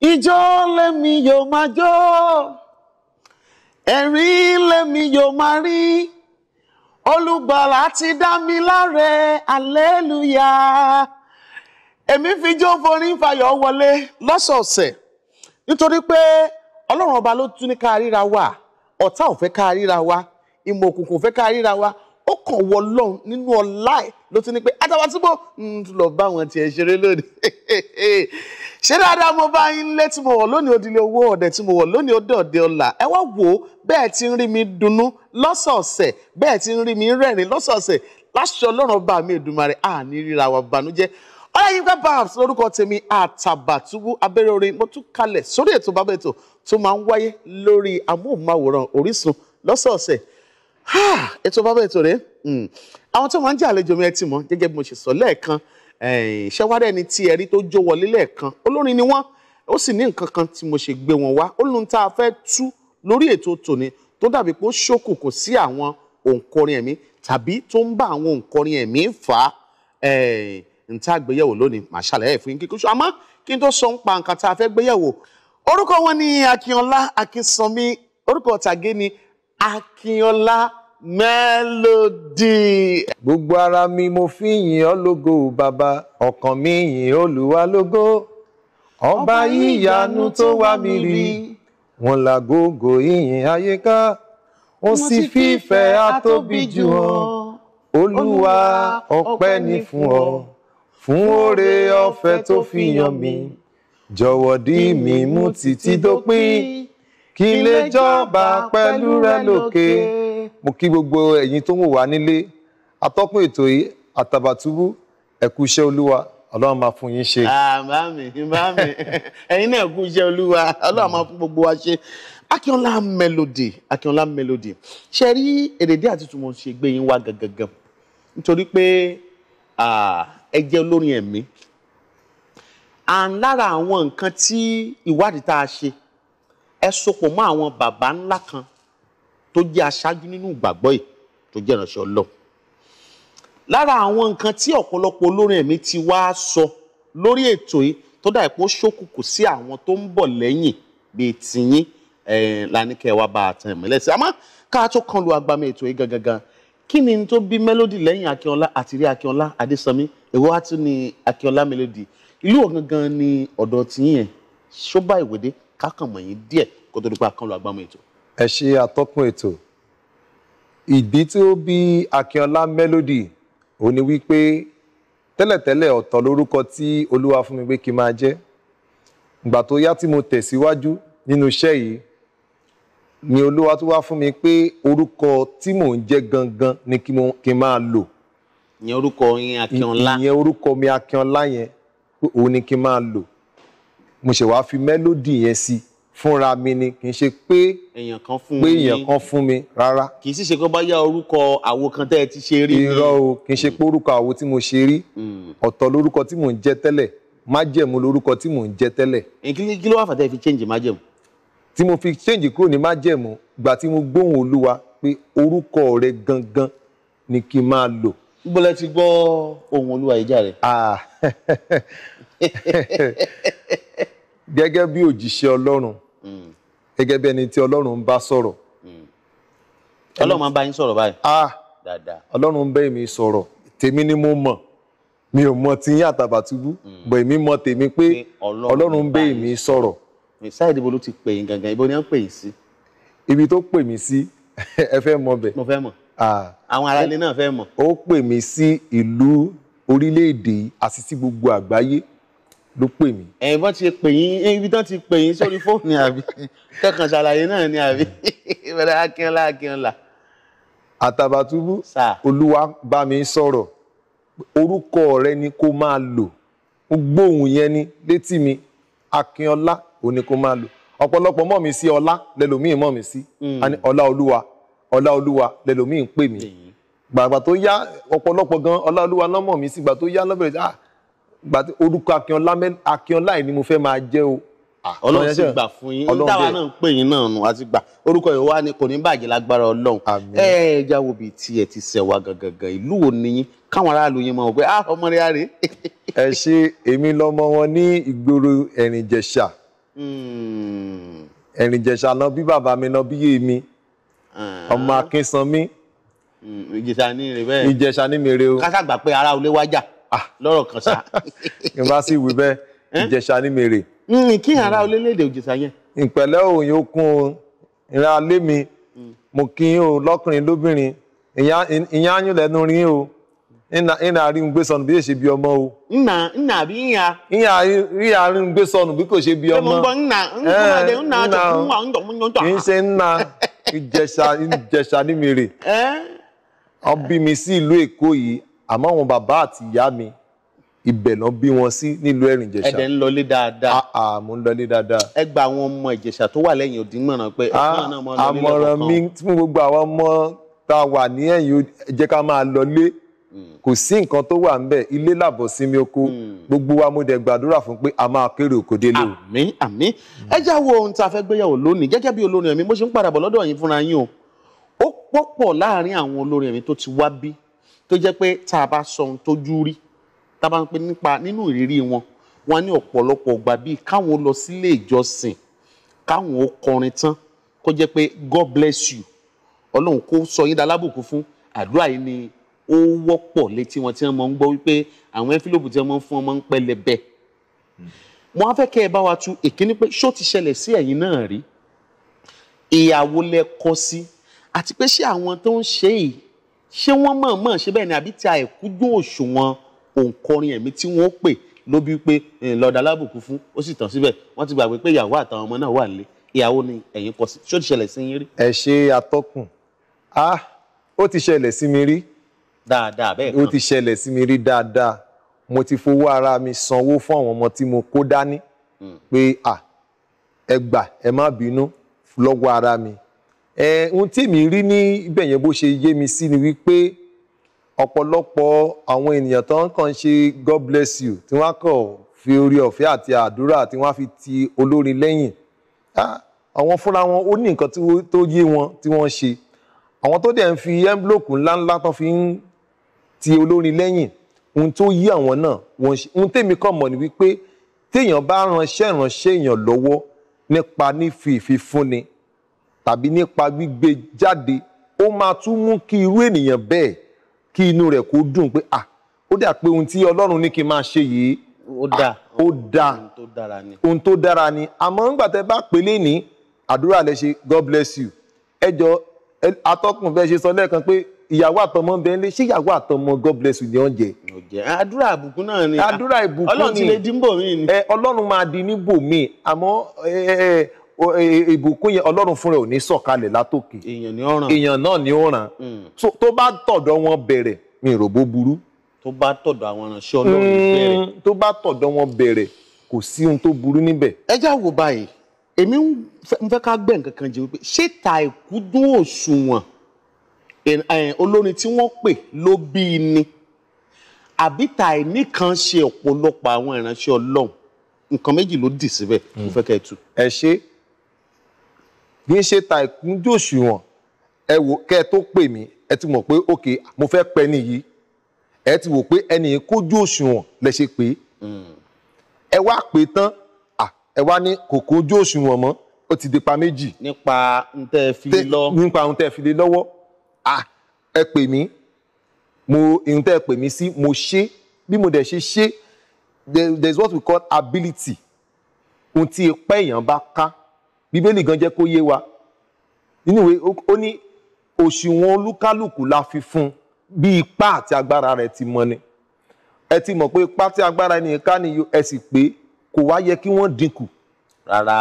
Ijó lèmi yóò máa jó, ẹ̀rín lèmi yóò máa rí, olùgbàlà ti dá mi láre, hallelúyà. Èmi fi jó forin fayọ̀ wọlé lọ́sọ̀ọ̀sẹ̀ nítorí pé ọlọ́run ọba ló tún ní ká rira wa, ọ̀tá ò fẹ́ ká rira wa, ìmọ̀ òkùnkùn ò fẹ́ ká ríra wa, ó kàn wọ lọ́hùn nínú ọlá ẹ̀ ló ti ní pé Àtàbàtúbú ń lọ bá wọn tiẹ̀ ṣeré lónìí ṣé dáadáa mo bá yín lé tí mo wọ̀ lónìí òdìlé owó ọ̀dẹ̀ tí mo wọ̀ lónìí òdè òdè ọ̀la ẹ wá wò ó bẹ́ẹ̀ ti ń rí mi dunnú lọ́sọ̀ọ̀sẹ̀ bẹ́ẹ̀ ti ń rí mi rẹ́rìn lọ́sọ̀ọ̀sẹ̀ láṣọ ọlọ́run ọba mi Èdùmàrè àní ríra wa bànújẹ́ ọláyínká babs lórúkọ tèmi àtàbàtúbú abẹ́rẹ́ orin mo tún kalẹ̀ sórí ètò bàbá ètò tó máa ń wáyé lórí amóhùnmáwòrán Orísun lọ́sọ̀ọ̀sẹ̀ ètò bàbá ètò rẹ hmm. àwọn tó máa ń jẹ àlejò mi ẹ ti mọ gẹ́gẹ́ bí mo ṣe sọ lẹ́ẹ̀kan ṣẹwárẹ ni tí ẹrí tó jó wọlé lẹ́ẹ̀kan olórin ni wọ́n ó sì ní nǹkan kan tí mo ṣe gbé wọn wá ó tá a fẹ́ tú lórí ètò tòní tó dàbí pé ó ṣókù kò sí àwọn òǹkọrin ẹ̀mí tàbí tó ń bá àwọn òǹkọrin ẹ̀mí fà á nta gbéyẹ̀wò lónìí màá ṣàlàyé fún yín kíkú ṣọ àmọ́ kí n tó sọ ń pa nǹkan tá a fẹ́ gbéyẹ̀wò orúkọ wọn ni Akínọlá Akínsànmí orúkọ tàgé ni Akinyola Melody. Gbogbo ara mi mo fi yìn ọ́ lógo bàbá, ọkàn mi yìn Olúwa lógo. Ọba ìyanu tó wá mi rí, wọ́n làgógó ìyìn àyíká, wọ́n sì fífẹ́ àtóbi jù hàn. Olúwa ọpẹ́ ni fún ọ fún oore ọ̀fẹ́ tó fi yàn mí jọ̀wọ́ dì mí mú títí dópin kí ilé jọba pẹ̀lú rẹ lókè mo kí gbogbo ẹ̀yin tó ń wò nílé atọ́kùn ètò yìí àtàbàtúbú ẹ̀kú iṣẹ́ olúwa ọlọ́run máa fún yín ṣe. àmàmì ah, màmì ẹ̀yin náà kú iṣẹ́ olúwa ọlọ́run máa fún gbogbo wa ṣe. akínọlá melody akínọlá melody ṣe rí èrèdí àti tùmọ̀ ṣe gbé yín wá gangan nítorí pé ẹ jẹ́ olórin ẹ̀mí à ń lára àwọn nǹkan tí ìwádìí tá a ṣe ẹ sopọ̀ mọ́ àwọn bàbá ńlá kan tó jẹ́ aṣáájú nínú ìgbàgbọ́ yìí tó jẹ́ ìránṣẹ́ Ọlọ́run lára àwọn nǹkan tí ọ̀pọ̀lọpọ̀ olórin ẹ̀mí ti wá sọ lórí ètò yìí tó dà pé ó ṣókùnkùn sí àwọn tó ń bọ̀ lẹ́yìn bíi tìyín lánìkẹ́ wa bá a tan ìmọ́lẹ̀ sí àmọ́ ká tó kan lu agbami ètò yìí gangan kí ni tó bí mélòdì lẹ́yìn Akínọlá àtìrí Akínọlá Adésànmí èwo á tún ní Akínọlá mélòdì ìlú ọ̀gangan ni ọ̀dọ̀ tìyín yẹn ṣó bá ìwé dé kákànmọ̀ yín díẹ̀ kó tó dípa kan lọ agbámọ̀ ètò. ẹ ṣe atọ́kùn ètò ìdí tí ó bí akínọlá melody òun ni wípé tẹ́lẹ̀tẹ́lẹ̀ ọ̀tọ̀ lórúkọ tí olúwa fún mi pé kí n máa jẹ́ ìgbà tó yá tí mo tẹ̀síwájú nínú iṣẹ́ yìí ni olúwa tó wá fún mi pé orúkọ tí mò ń jẹ́ gangan ni kí n máa lò ìyẹn orúkọ yẹn akínọlá ìyẹn orúkọ mi akínọlá yẹn òun ni kí n máa lò mo ṣe wàá fi mélòdì yẹn sí fúnra mi ni kì í ṣe pé èèyàn kan fún mi pé èèyàn kan fún mi rárá. kì í sì ṣe pé bá yá orúkọ àwo kan tẹ́ ẹ ti ṣe rí. irọ́ o kì í ṣe pé orúkọ àwo tí mo ṣe rí hmm. ọ̀tọ̀ lórúkọ tí mò ń jẹ́ tẹ́lẹ̀ májẹ̀mú lórúkọ tí mò ń jẹ́ tẹ́lẹ̀. kí ló wà fàtẹ́ fi change májẹ̀mú. tí mo fi change kúrò ní májẹ̀mú gbà tí mo gbóhùn olúwa pé orúkọ rẹ gangan ni kí n máa lò. gbọ́dọ̀ ti gbọ́ ohùn olúwa ìjà rẹ̀. Ah. gẹ́gẹ́ bí òjíṣẹ́ ọlọ́run hmm. gẹ́gẹ́ bí ẹni tí ọlọ́run ń bá sọ̀rọ̀. Hmm. ọlọ́run máa ń bá yín sọ̀rọ̀ báyìí. ah ọlọ́run ń bẹ́ mi sọ̀rọ̀ tèmi ni mo mọ̀ mi ò mọ tiyín àtàbàtúbú hmm. bọ̀ èmi mọ tèmi pé ọlọ́run ń bẹ́ mi sọ̀rọ̀. sáà ìdìbò ló ti pè yín gangan ibo ni wọ́n pè yín sí. ibi tó pè mí sí ẹ fẹ́ mọ bẹ̀. mo fẹ́ mọ̀ ah. àwọn aráàlú náà fẹ́ mọ̀. ó pè mí sí ìlú orílẹ̀-èdè àti sí gbogbo àgbáyé ló pè mí. ẹ̀yin bọ́n ti pè yín ibi tán ti pè yín sórí fóònù àbí kẹkàn ṣàlàyé náà ni àbí ìbẹ̀rẹ̀ akínọ́lá akínọ́lá. àtàbàtúbú olúwa bá mi sọ̀rọ̀ orúkọ rẹ ni kó máa lò ó gbóhùn yẹn ní létí mi akínọ́lá ò ní kó máa lò ọ̀pọ̀lọpọ̀ mọ̀ mí sí ọlá lẹ́lòmíì mọ̀ mí sí hmm. ọlá olúwa ọlá olúwa lẹ́lòmíì ń pè mí gbàgbà tó yá ọ̀pọ̀lọpọ̀ gan ọlá olúwa lọ́mọ̀ mí sí gbà tó yá lọ́bẹ̀rẹ̀ ah gbàtí orúkọ akínọlá akínọlá yìí ni mo fẹ́ máa jẹ́ o. Ah, ọlọ́run sì gbà fún yín ní táwa náà ń pè yín náà nù àti gbà orúkọ yìí wá ní kò ní bàjẹ́ lágbára ọlọ́run. ẹ ẹ já wo bíi tí ẹ ti ṣẹ̀ wá gangan ìlú wo ni yín káwọn aráàlú yín mọ̀ pé ah ọmọ rẹ̀ á rè. ẹ ṣe èmi lọmọ wọn ní ìgboro ẹ̀rìnjẹ̀ṣà hmm. ẹ̀rìnjẹ̀ṣà náà bí bàbá mi náà bí yé mi ah. ọmọ akínsanmi. Hmm, ìjẹ̀ṣà ni rè bẹ́ẹ̀ ìjẹ̀ṣà ni mi rè o. kásàgbà pé ara olé wájà. Ah, lọ́rọ̀ kan ṣá. n bá sì wí bẹ́ẹ̀ ìjẹ̀ṣà ni mèrè. Hmm, kí ara orílẹ̀-èdè òjìṣà yẹn. ìpẹ̀lẹ́ òyìn okun ìran alẹ́ mi hmm. mo kí o lọ́kùnrin lóbìnrin ìyá yín lẹ́nu rí o ìnà rí ọmọ o. nna nna àbí ìyá. ìyá rí àárín gbé sọnù bí kò ṣe ọmọ. nna nna nna kì í nna ọ mi sí ìlú Èkó àmọ́ àwọn bàbá àti ìyá mi ibẹ̀ náà bí wọn sí nílùú ẹ̀rìn ìjẹ̀ṣà. ẹ̀dẹ̀ ń lọlé dáadáa. àà mo ń lọlé dáadáa. ẹ gba àwọn ọmọ ìjẹ̀ṣà tó wà lẹ́yìn òdì mọ̀ràn pé ẹ̀fọn náà mọ̀ lọlé lọ́kọ̀ọ̀kan. àmọ̀ràn mi tí mo gbogbo àwọn ọmọ tá a wà ní ẹ̀yìn jẹ́ ká máa lọlé hmm. kò sí nǹkan tó wà ńbẹ̀ ilé làbọ̀ sinmi oko hmm. gbogbo wa mo dẹ̀ gbàdúrà fún pé a máa kéré oko délé o. àmín àmín ẹ já wo ohun tá a fẹ́ gbéyàwó lónìí gẹ́gẹ́ bí olórin ẹ̀mí bó ṣe ń padà lọ́dọ̀ yín fúnra yín o ó pọ̀pọ̀ láàárín àwọn olórin ẹ̀mí tó ti wá bí tó jẹ́ pé tá a bá sọ ohun tójú rí tá a bá ń pè nípa nínú ìrírí wọn wọn ní ọ̀pọ̀lọpọ̀ ọgbà bíi káwọn lọ sílé ìjọsìn káwọn ó tán kó jẹ́ pé God bless you ọlọ́run kó sọ yín dalábùkún fún àdúrà yìí ni ó wọ́pọ̀ létí wọn tí wọ́n mọ̀ ń gbọ́ wípé àwọn ẹ́fílòpù tí wọ́n mọ̀ ń fún wọn mọ̀ ń pẹlẹbẹ. mo á fẹ́ kẹ́ ẹ bá wa tú èkíní pé ṣó ti ṣẹlẹ̀ sí ẹ̀yin náà rí ìyàwó lẹ kọ sí àti pé ṣé àwọn tó ń ṣe yìí ṣé wọ́n mọ̀ọ́mọ̀ ṣe bẹ́ẹ̀ ni àbí ti àìkújú òṣùwọ̀n òǹkọrin ẹ̀mí tí wọ́n pè ló bí pé lọ́ọ̀dà lábùkù fún ó sì tàn síbẹ̀ wọ́n ti gbàgbé pé ìyàwó àtàwọn ọmọ náà wà nílé ìyàwó ni ẹ̀yin kọ sí ṣó ti ṣẹlẹ̀ sí yín rí. ẹ ṣe atọ́kùn ah ó ti ṣẹlẹ̀ sí mi rí. dáadáa bẹ́ẹ̀ náà ó ti ṣẹlẹ̀ sí mi rí dáadáa mo ti fowó ara mi sanwó fún àwọn ọmọ tí mo kó dání hmm. pé ah ẹ gbà ẹ má bínú lọ́wọ́ ara mi ohun tèmi rí ní ibẹ̀ yẹn bó ṣe yé mi sí ni wípé ọ̀pọ̀lọpọ̀ àwọn ènìyàn tó ń kàn ṣe God bless you tí wọ́n á kàn fi orí ọ̀fẹ́ àti àdúrà tí wọ́n á fi ti olórin lẹ́yìn àwọn fúnra wọn ó ní nǹkan tó yé wọn tí wọ́n ṣe àwọn tó dẹ̀ ń fi ẹ́ńbílòkù ńláńlá tán fi ń ti olórin lẹ́yìn ohun tó yí àwọn náà wọ́n ṣe ohun tèmi kàn mọ̀ ni wípé téèyàn bá ránṣẹ́ ìránṣẹ́ èèyàn lọ́wọ́ nípa nífi ìfifúnni tàbí nípa gbígbé jáde ó máa tún mú kí irú ènìyàn bẹ́ẹ̀ kí inú rẹ̀ kó dùn pé ah ó dà pé ohun tí ọlọ́run ní kí n máa ṣe yìí ó dà ohun tó dára ni àmọ́ ńgbà tẹ́ bá pèlè ní àdúrà lẹ ṣe god bless you ẹ jọ atọ́kùn fẹ́ ṣe sọ lẹ́ẹ̀kan pé ìyàwó àtọmọ bẹ lé ṣé ìyàwó àtọmọ god bless you ni ó ń jẹ. àdúrà ìbùkún náà ni àdúrà ìbùkún ni ọlọ́run ti lè dín bò mí ni. ọlọ́run máa di níbò mí àmọ́ E, e, ìbùkún yẹn ọlọ́run fúnra ò ní sọ̀kalẹ̀ látòkè èèyàn náà ni ó ràn mm. tó bá tọ̀dọ̀ wọn bẹ̀rẹ̀ mi rò bó burú. tó bá tọ̀dọ̀ àwọn aránṣẹ́ ọlọ́run bẹ̀rẹ̀. Mm, tó bá tọ̀dọ̀ wọn bẹ̀rẹ̀ kò sí ohun tó burú níbẹ̀. ẹ já wo báyìí èmi ń fẹ́ ká gbẹ̀ nǹkan kan jẹ́ wípé ṣé ta ìkúdùn òṣùwọ̀n olórin tí wọ́n pè ló bí i ni àbí ta ìníkan ṣe ọ̀pọ̀lọpọ̀ àwọn ìránṣẹ́ ọlọ́run nǹkan méjì ló dì síbẹ̀ mo mm. fẹ́ kẹ́ ẹ tú. ẹ ṣe é kì í ṣe ta ìkúnjú òṣùwọ̀n ẹ wò kẹ́ ẹ tó pè mí ẹ ti mọ̀ pé ok mo fẹ́ pẹ́ nìyí ẹ ti wò pé ẹnì yìí kójú òṣùwọ̀n lẹ ṣe pé ẹ wá pè tán ẹ wá ní kò kójú òṣùwọ̀n mọ́ ó ti di pa méjì. nípa n tẹ́ ẹ fi lé lọ́wọ́. nípa n tẹ́ ẹ fi lé lọ́wọ́ ẹ pè mí mo n tẹ́ pè mí sí mo ṣe bí mo dẹ̀ ṣe ṣe there is what we call ability ohun tí ipẹ́ èèyàn bá ká bíbélì gan jẹ́ kó yé wa nínú ìwé ó ní òṣùwọ̀n olúkálùkù la fi fún bí ipá àti agbára rẹ̀ ti mọ ni ẹ ti mọ̀ pé ipá tí agbára ènìyàn ká nìyó ẹ sì pé kò wá yẹ kí wọ́n dínkù rárá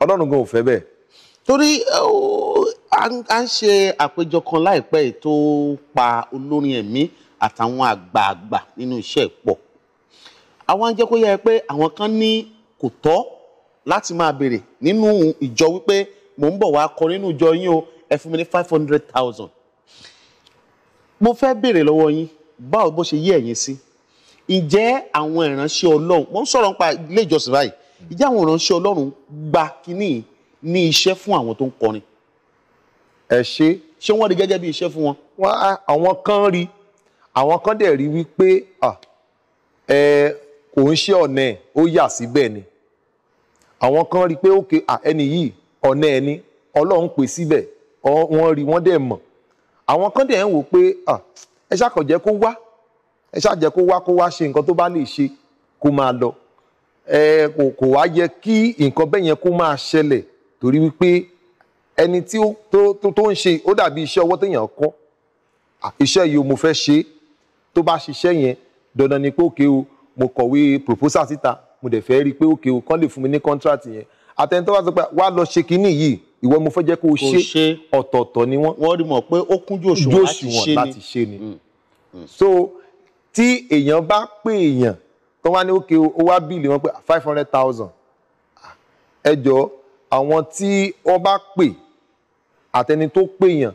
ọlọ́run gan ò fẹ́ bẹ́ẹ̀. torí à ń ṣe àpéjọ kan láìpẹ́ tó pa olórin ẹ̀mí àtàwọn àgbààgbà nínú iṣẹ́ ìpọ̀ àwọn jẹ́ kó yẹ pé àwọn kan ní kò tọ́ láti máa béèrè nínú ìjọ wípé mò ń bọ̀ wá kọ nínú ìjọ yín o ẹ fún mi ní five hundred thousand mo fẹ́ béèrè lọ́wọ́ yín báwo bó ṣe yí ẹ̀yin sí ǹjẹ́ àwọn ìránṣẹ́ ọlọ́run mo ń sọ̀rọ̀ nípa ilé ìjọsìn báyìí ǹjẹ́ àwọn ìránṣẹ́ ọlọ́run gba kínní ní iṣẹ́ fún àwọn tó ń kọrin. ẹ ṣe. ṣé wọ́n rí gẹ́gẹ́ bí iṣẹ́ fún wọn. wọ́n á àwọn kan rí àwọn kan dẹ̀ rí wípé ẹ kò ń ṣe ọ̀nà ẹ̀ ó yà síbẹ̀ ni àwọn kan rí i pé òkè ẹni yìí ọ̀nà ẹni ọlọ́run pè síbẹ̀ wọ́n rí wọ́n dẹ̀ mọ̀ àwọn kan dẹ̀ ń wò pé ẹ ṣàkànjẹ́ kó wá ẹ ṣàjẹ́ kó wá kó wá ṣe nǹkan tó bá lè ṣe kó máa lọ ẹ kò kò wá yẹ kí nǹkan bẹ́ẹ̀ yẹn kó máa ṣẹlẹ̀ torí wípé ẹni tó ń ṣe ó dàbí iṣẹ́ ọwọ́ téèyàn kọ́ iṣẹ́ yìí mo fẹ́ ṣe tó bá ṣiṣẹ́ yẹn dandan ni pé òkè o mo kọ̀wé proposal síta mo dẹ̀ fẹ́ rí i pé òkè o kán lè fún mi ní contract yẹn àtẹnitọ́ wa sọ pé wá lọ ṣe kínní yìí ìwọ mo fẹ́ jẹ́ kó o ṣe ọ̀tọ̀ọ̀tọ̀ ni wọ́n. wọ́n rí mọ̀ pé ó kúnjú òṣùwọ̀n láti ṣe ni. Mm. Mm. so tí èèyàn bá pè èèyàn tó wá ní òkè ó wá bíìlì wọn pé five hundred thousand ẹ jọ àwọn tí wọ́n bá pè àtẹni tó pè yàn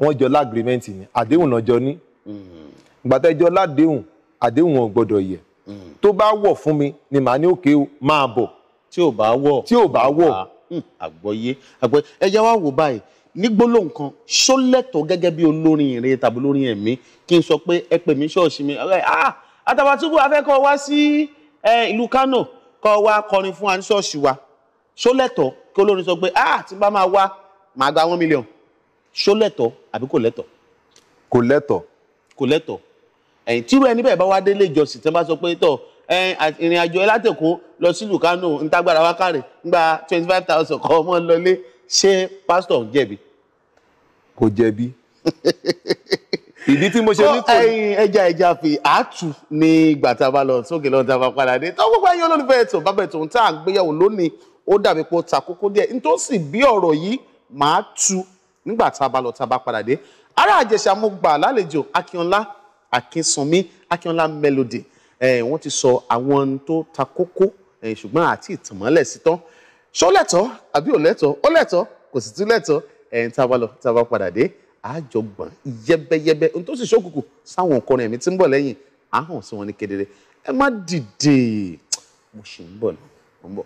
wọ́n jọ lágrímẹ́ǹtì ni àdéhùn náà jọ ní. Mm. gbàtẹ́jọ́ ládéhùn àdéhùn wọn gbọ́dọ̀ yẹ̀ tó bá wọ̀ fún mi ni màá ní òkè o máa bọ̀. tí ò bá wọ̀ tí ò bá wọ̀. Hmm, àgbọ̀yé àgbọ̀yé ẹ jẹ́ wá wò báyìí ní gbólóhùn kan ṣó lẹ́tọ̀ọ́ gẹ́gẹ́ bí olórin ìrìn tàbí olórin ẹ̀mí kí n sọ pé ẹ pè mí ṣọ́ọ̀ṣì mi ọ̀rẹ́ ah Àtàbàtúbù afẹ́kọ̀ọ́ wá sí ìlú Kánò kọ́ wa kọrin fún wa wa ṣó kí olórin sọ pé ah tí n bá máa wá màá gba one million ṣó àbí kò lẹ́tọ̀ọ́. kò lẹ́tọ̀ọ́. kò lẹ́tọ̀ọ́ ẹ̀yìn tírú ẹni bẹ́ẹ̀ bá wá délé ìjọsìn tí wọ́n bá sọ pé tọ̀ ìrìn àjò ẹ lọ sílùú Kánò ntágbára wákàrè ńgbà twenty five thousand kọ́ ọmọ lọlé ṣé pásítọ̀ ń jẹ̀bi. kò jẹ̀bi ìdí tí mo ṣe ní kò ní. ẹja ẹja fi àátù ní ìgbà tá a bá lọ sókè lọ́nà tá a bá padà dé tó gbogbo ẹ̀yin olólùfẹ́ ètò bàbá ètò tá à ń gbéyàwó lónìí ó dàbí pé ó ta kókó díẹ̀ nítòsí bí ọ̀rọ̀ yìí màá tu nígbà tá a bá lọ tá a bá padà dé ará Ìjẹ̀ṣà mo gbà lálejò Akínọlá akínsanmi akínọlá melody wọ́n ti sọ àwọn tó ta kókó ṣùgbọ́n àti ìtànmọ́lẹ̀ sí tán ṣó lẹ́tọ̀ àbí ò lẹ́tọ̀ ó lẹ́tọ̀ kò sì tún lẹ́tọ̀ tá a bá lọ tá a bá padà dé àjọgbọ̀n yẹ́bẹ́yẹ́bẹ́ ohun tó sì ṣókùnkù sáwọn òǹkọrin ẹ̀mí tí ń bọ̀ lẹ́yìn àhàn sí wọn ní kedere ẹ má dìde mo sì ń bọ̀ náà mo